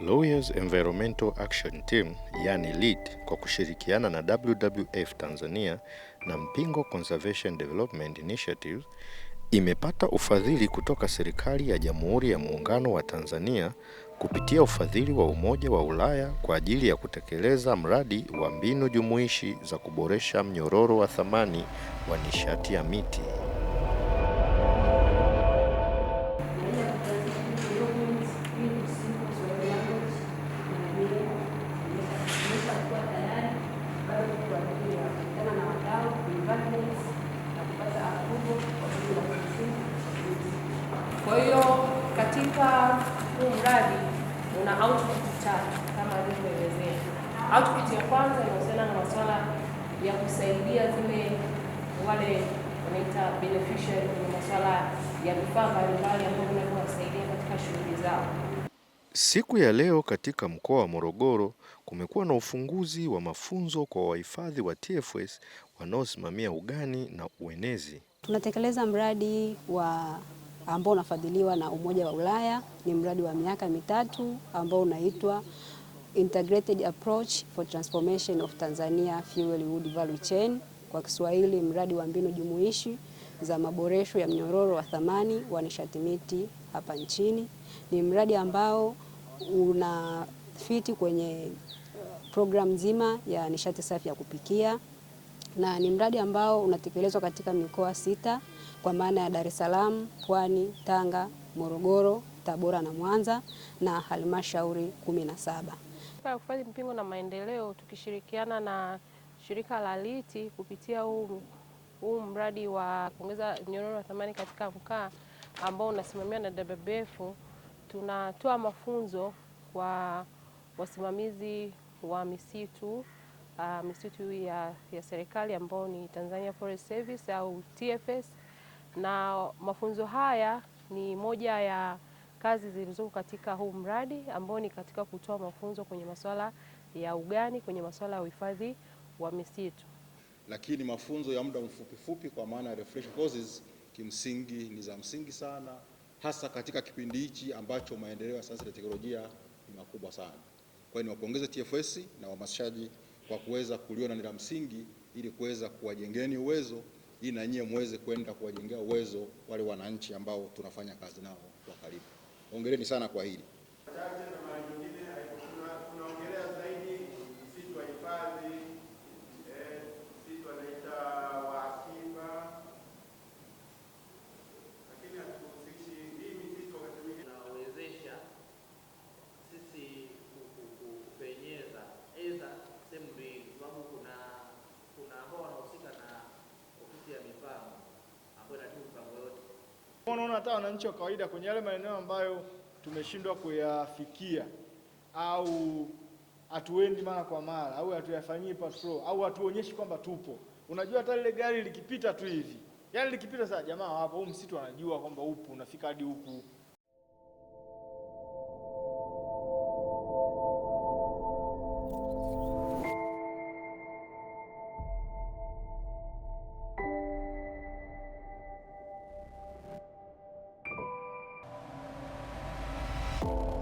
Lawyers Environmental Action Team yani LEAD kwa kushirikiana na WWF Tanzania na Mpingo Conservation Development Initiative imepata ufadhili kutoka serikali ya Jamhuri ya Muungano wa Tanzania kupitia ufadhili wa Umoja wa Ulaya kwa ajili ya kutekeleza mradi wa mbinu jumuishi za kuboresha mnyororo wa thamani wa nishati ya miti. Kwa hiyo katika huu mradi una output tatu kama alivyoelezea. Output ya kwanza inahusiana na masuala ya kusaidia zile wale wanaita beneficiary kwenye masuala ya vifaa mbalimbali ambavyo vinaweza kuwasaidia katika shughuli zao. Siku ya leo katika mkoa wa Morogoro kumekuwa na ufunguzi wa mafunzo kwa wahifadhi wa TFS wanaosimamia ugani na uenezi. Tunatekeleza mradi wa ambao unafadhiliwa na Umoja wa Ulaya. Ni mradi wa miaka mitatu ambao unaitwa Integrated Approach for Transformation of Tanzania Fuel Wood Value Chain, kwa Kiswahili mradi wa mbinu jumuishi za maboresho ya mnyororo wa thamani wa nishati miti hapa nchini. Ni mradi ambao unafiti kwenye programu nzima ya nishati safi ya kupikia na ni mradi ambao unatekelezwa katika mikoa sita kwa maana ya Dar es Salaam, Pwani, Tanga, Morogoro, Tabora na Mwanza na halmashauri kumi na saba. Katika kuhifadhi mpingo na maendeleo tukishirikiana na shirika la LITI kupitia huu, huu mradi wa kuongeza mnyororo wa thamani katika mkaa ambao unasimamiwa na WWF, tunatoa mafunzo kwa wasimamizi wa misitu uh, misitu ya, ya serikali ambao ni Tanzania Forest Service au TFS, na mafunzo haya ni moja ya kazi zilizoko katika huu mradi ambao ni katika kutoa mafunzo kwenye masuala ya ugani, kwenye masuala ya uhifadhi wa misitu. Lakini mafunzo ya muda mfupifupi kwa maana ya courses kimsingi ni za msingi sana, hasa katika kipindi hichi ambacho maendeleo ya sayansi na teknolojia ni makubwa sana. Kwa hiyo niwapongeze TFS na wahamasishaji kwa kuweza kuliona ni la msingi, ili kuweza kuwajengeni uwezo ili na nyie muweze kwenda kuwajengea uwezo wale wananchi ambao tunafanya kazi nao kwa karibu. Hongereni sana kwa hili. hata wananchi wa kawaida kwenye yale maeneo ambayo tumeshindwa kuyafikia au hatuendi mara kwa mara au hatuyafanyii patrol au hatuonyeshi kwamba tupo. Unajua hata lile gari likipita tu hivi, yani likipita saa jamaa wapo, huu msitu anajua kwamba upo, unafika hadi huku. you.